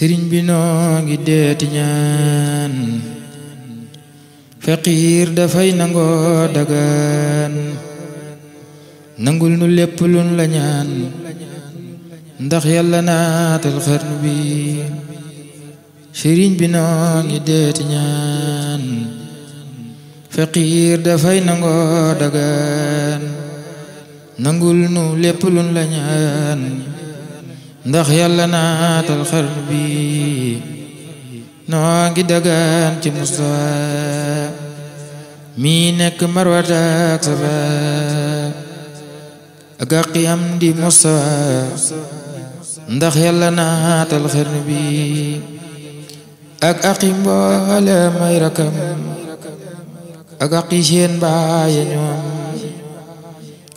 sëriñ bi noo ngi deeti ñaan faqiir dafay nangoo dagaan nangul nu lépp lun la ndax yàlla naatal xarnu bi sëriñ bi noo ngi deeti ñaan faqiir dafay nangoo dagaan nangul nu lépp lun la ndax yàlla naatal xar bi noo ngi dagaan ci Musaa mi nekk marwata ak safa ak àqi am di Musaa ndax yàlla naatal xar bi ak àqi mboole may rakam ak àqi seen baay ñoom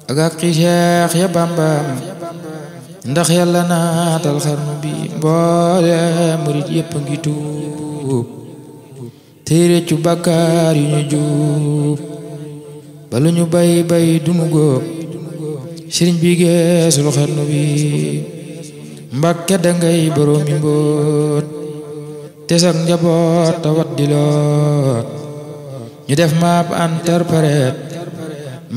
ak àqi ya Bàmbaam ndax yàlla naatal xarnu bi mboole murit a ngi tuub tey réccu bàkkaar yu ñu juub balu ñu bay bay dunu góob sëriñ bi geesul xarnu bi mbàkke dangay boroomi mbóot te sax njaboot tawat di loot ñu def maap interprète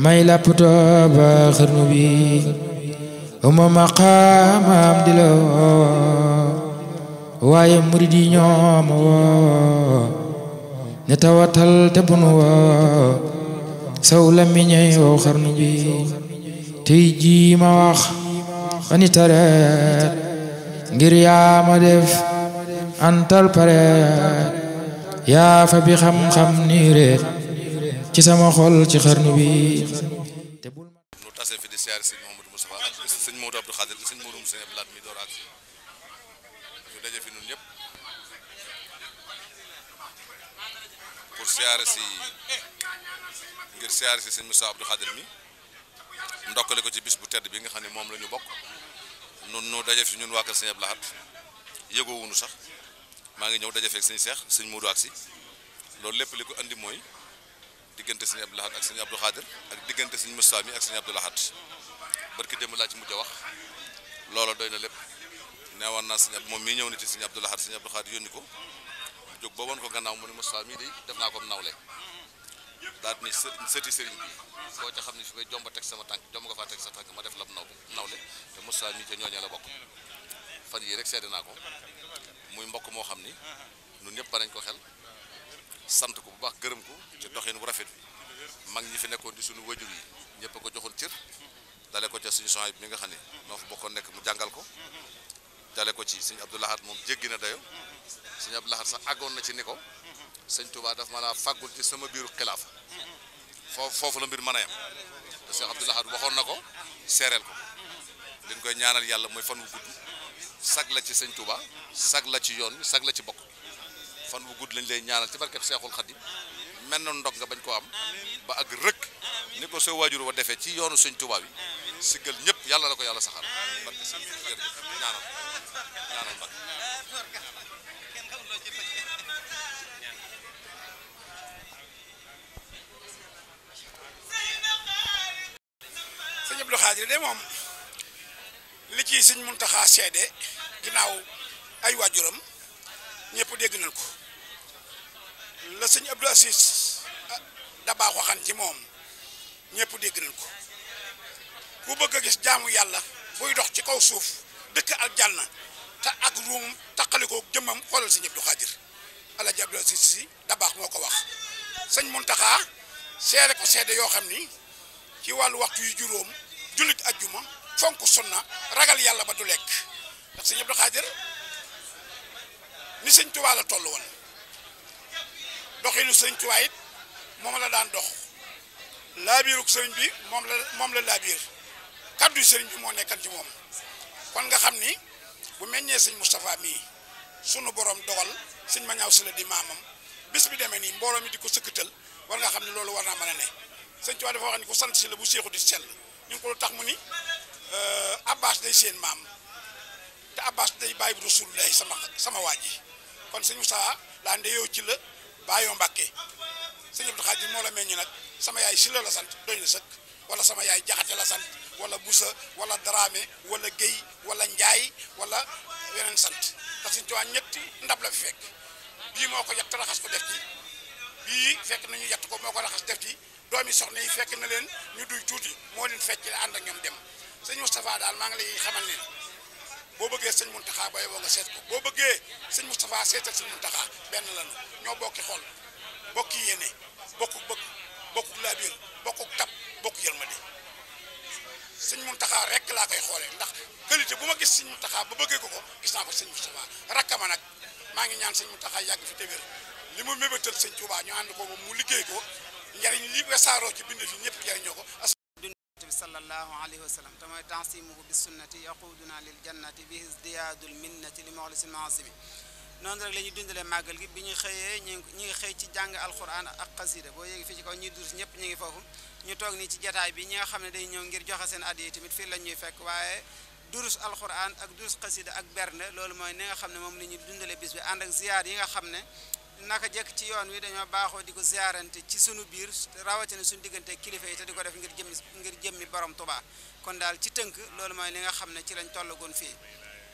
may lapptoo ba xarnu bi uma maqaamam di la woo waaye murid yi ñoom woo ne tawatal te bunu saw la miñey woo xarnu bi tey jii ma wax ani tareet ngir yaa ma def antal pareet yaa fa bi xam-xam ni reet ci sama xol ci xarnu bi Moustapha ak sëñ Modou Abdou Khadir sëñ Modou Moussa Abdoulaye mi door ak ñu daje fi ñun ñëpp pour siyaare si ngir siyaare si sëñ Moussa mi ndokkale ko ci bis bu tedd bi nga xam ne moom lañu bokk nun nu daja fi ñun waa kër sëñ Abdou Lahad yëgoowunu sax maa ngi ñëw daje feeg sëñ Seex sëñ Modou ak si loolu lépp li ko indi mooy diggante sëñ Abdou Lahad ak sëñ Abdou Khadir ak diggante sëñ Moustapha mi ak sëñ Abdou Lahad barki démb laa ci mujj a wax looloo doy na lépp neewoon naa sëñ moom mii ñëw na ci sëñ Abdou Lahad sëñ Abdou Khadir yónni ko mu jóg boo woon ko gannaaw mu ne Moustapha mii de def naa ko nawle daal ni sëti sëriñ bi koo ca xam ne su koy jomba teg sama tànk jomba nga faa teg sa tànk ma def la naw nawle te Moustapha mii ca ñooñee la bokk fan yii rek sedd naa ko muy mbokk moo xam ni ñun ñëpp nañ ko xel sant ko bu baax gërëm ko ci doxin bu rafet bi mag ñi fi nekkoon di suñu wajur yi ñëpp ko joxoon cër dale ko ca suñu soxna bi mi nga xam ne moo fa bokkoon nekk mu jàngal ko dale ko ci sëñ Abdou moom jéggi na dayo sëñ Abdou sax àggoon na ci ni ko sëñ Touba daf maanaam fàggul ci sama biiru xilaafa foofu foofu la mbir mën a yem te sëñ waxoon na ko seereel ko dañ koy ñaanal yàlla mooy fan wu gudd sag la ci sëñ Touba sag la ci yoon sag la ci bokk fan bu gudd lañ lay ñaanal ci barkeb seexul xadim mel na ndog nga bañ koo am ba ak rëkk ni ko sa waajur wa defee ci yoonu sëñ Tuubaa bi siggal ñëpp yàlla la ko yàlla saxal barke sëñ jërëjëf ñaanal ñaanal barke sëñ Abdou Xaadir de moom li seede ginnaaw ay waajuram ñépp dégg nañ ko la sëñ Abdou Aziz ah, da ñëpp dégg nañ ko ku bëgg a gis jaamu yàlla buy dox ci kaw suuf dëkk aljanna te ak ruum taqalikoo jëmmam xoolal sëñ Abdou Xaadir Alaaji Abdou Aziz Si dabaax baax moo ko wax sëñ taxaar seede ko seede yoo xam ni ci wàllu waxtu yu juróom jullit ajjuma fonk sunna ragal yàlla ba du lekk ndax sëñ Abdou Xaadir ni sëñ Tuubaa la toll woon doxinu sëñ Tuubaa it moom la daan dox laabiiruk sëriñ bi moom la moom la laabiir kaddu sëriñ bi moo nekkan ci moom kon nga xam ni bu meññee sëñ Moustapha mii sunu borom dogal sëñ ma ñaaw si la di maamam bis bi demee nii mbooloo mi di ko sëkkatal war nga xam ni loolu war naa mën a ne sëñ Tuubaa dafa wax ni ko sant si la bu seexu di sell ñu ko lu tax mu ni euh, Abbas day seen maam te Abbas day bàyyi bu Rasulullahi sama sama waa ji kon sëñ Moussa laa ndeyoo ci la bàyyoo Mbàkke sëñ Abdou Khadir moo la meññ nag sama yaay si la sant doy na wala sama yaay jaxate la sant wala busa wala daraame wala géy wala njaay wala weneen sant te sëñ Tuubaa ñetti ndab la fi moo ko yatt raxas ko def ci bii fekk nañu yatt ko moo ko raxas def ci doomi soxna yi fekk na leen ñu duy tuuti moo leen la ànd ak ñoom dem sëñ daal maa ngi lay xamal ne boo bëggee sëñ Muntaxa bay woo nga seet ko boo bëggee sëñ Moustapha seetal sëñ Muntaxa benn lanu ñoo bokki xol bokki yéene bokku bëgg bokku laabir bokku tab bokku yërmande sëñ Muntaxa rek laa koy xoolee ndax qualité bu ma gis sëñ Muntaxa ba bëggee ko ko gis naa ko sëñ Moustapha rakkama nag maa ngi ñaan sëñ Muntaxa yàgg fi téwér li mu mébétal sëñ Tuubaa ñu ànd ko mu liggéey ko njariñ li wesaaroo ci bind fi ñëpp njariñoo ko sallallahu alayhi wa sallam te mooy tansimuhu bi sunnati yaquduna lil jannati bi isdiyaadul minnati li moxlisil maasimi noonu rek la ñuy dundalee màggal gi bi ñu xëyee ñu ñu ngi xëy ci jàng alquran ak xasida boo yéegi fii ci kaw ñuy durs ñëpp ñu ngi foofu ñu toog nii ci jataay bi ñi nga xam ne day ñëw ngir joxe seen addiya tamit fii la ñuy fekk waaye durus alquran ak durus xasida ak bernde loolu mooy ni nga xam ne moom la ñuy dundalee bis bi ànd ak ziyaar yi nga xam ne naka jekk ci yoon wi dañoo baaxoo di ko ziarante ci sunu biir rawatina suñu diggante kilifa yi te di ko def ngir jëmmi ngir jëmmi borom Tuubaa kon daal ci tënk loolu mooy li nga xam ne ci lañ tolla tollagoon fii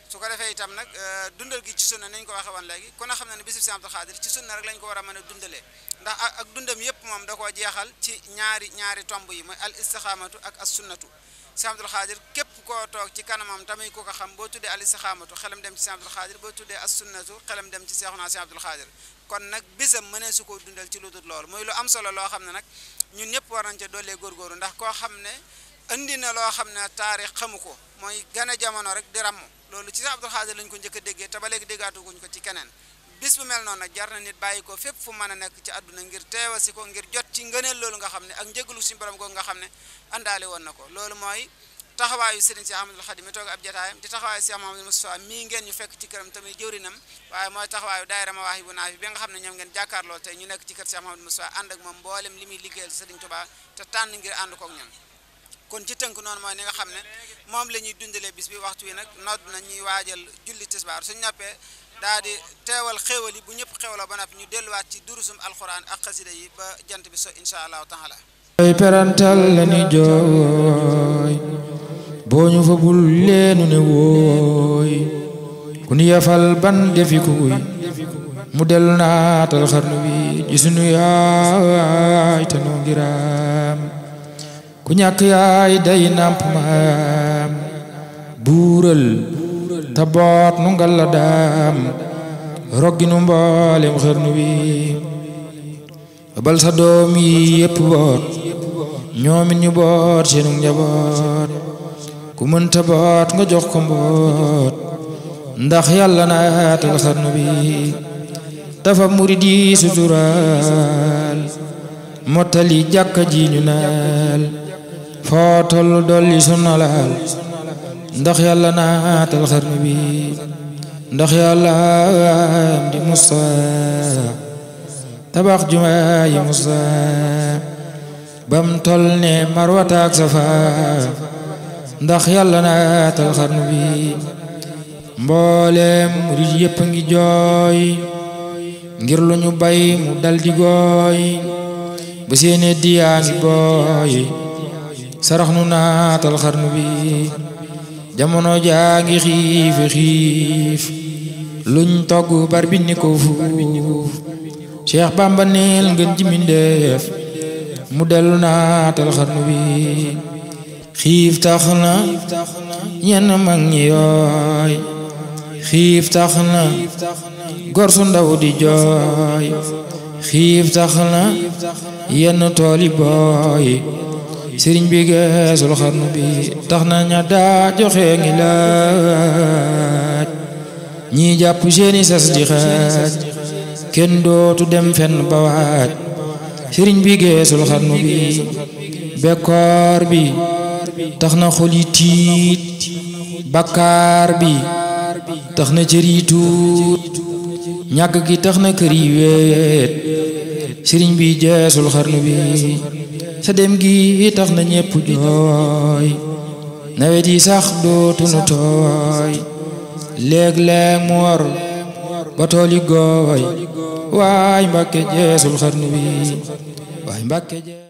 su ko defee itam nag euh, dundal gi ci sunna nañ ko waxe woon léegi ku ne xam na ne bisi Sëñ Abdou Khadre ci sunna rek lañ ko war a mën a dundalee ndax ak dundam yëpp moom da koo jeexal ci ñaari ñaari tomb yi mooy al istixaamatu ak as sunnatu Sëñ Abdul Xaadir képp koo toog ci kanamam tamit ku ko xam boo tuddee al istixaamatu xelam dem ci Sëñ Abdul Xaadir boo tuddee as sunnatu xelam dem ci Seexuna Sëñ Abdul Xaadir kon nag bésam mënee su ko dundal ci lu loolu mooy lu am solo loo xam ne nag ñun ñëpp war nañ ca doolee góoru ndax koo xam ne indi na loo xam ne taarix xamu ko mooy gën a jamono rek di ràmm loolu ci Sëñ Abdul Xaadir lañ ko njëkk déggee te ba léegi déggaatu ko ci keneen bis bu mel noonu nag jar na nit bàyyi ko fépp fu mën a nekk ci àdduna ngir teewa si ko ngir jot ci ngëneel loolu nga xam ne ak njëgalu suñu borom googu nga xam ne àndaale woon na ko loolu mooy taxawaayu Serigne si Ahmadul Xadim mi toog ab ak moom mboolem li muy liggéeyal Serigne Touba te tànn ngir ànd kook ñoom kon ci tënk noonu mooy ni nga xam ne moom la ñuy dundalee bis waxtu wi nag nodd na ñuy waajal julli tisbaar suñ noppee daa di teewal xéewal yi bu ñëpp xéewla ba noppi ñu delluwaat ci durusum alxuraan ak xasida yi ba jant bi so insha allahu taala ay perantal la ni jooy boo ñu fa leenu ne wooy ku nu yafal ban defi mu dellu naatal xarnu wi ji yaay te noo ku ñàkk yaay day nàmp maam buural tabboot nu ngal la daam rogginu mboolem xërnu wi bal sa doom yi yëpp boot ñoomit ñu boot seenu njaboot ku mënta boot nga jox ko mboot ndax yàlla naatal xarnu bi dafa murid yi suturaal mottali jàkka ji ñu naal foo dolli sunnalaal ndax yàlla naatal xarnu bi ndax yàlla am di Moussa tabax jumaa yi bam tol ne marwata ak ndax yàlla naatal xarnu bi mbooleem murid yëpp ngi jooy ngir lu ñu bay mu daldi di gooy bu seene diyaa ngi booy sarax nu naatal xarnu bi jamono jaa ngi xiif xiif luñ togg bar ni ko fuuf Cheikh Bamba neel ngeen ji mu dellu naatal xarnu bi xiif tax na ñenn mag ñi yooy xiif tax na gor su ndaw di jooy xiif tax na yenn tooli booy sëriñ bi geesul xarnu bi tax na ña daa ngi laaj ñi jàpp seeni sas di kenn dootu dem fenn ba waaj bi geesul xarnu bi bekkoor bi tax na xol yi tiit bakkaar bi tax na cër yi tuut ñàkk gi tax na kër yi weet sëriñ bi geesul xarnu bi sa dem gi tax na ñépp jooy nawet yi sax dootunu tooy léeg-léeg mu war ba tool gooy waay Mbàkke jeesul xarnu bi waay Mbàkke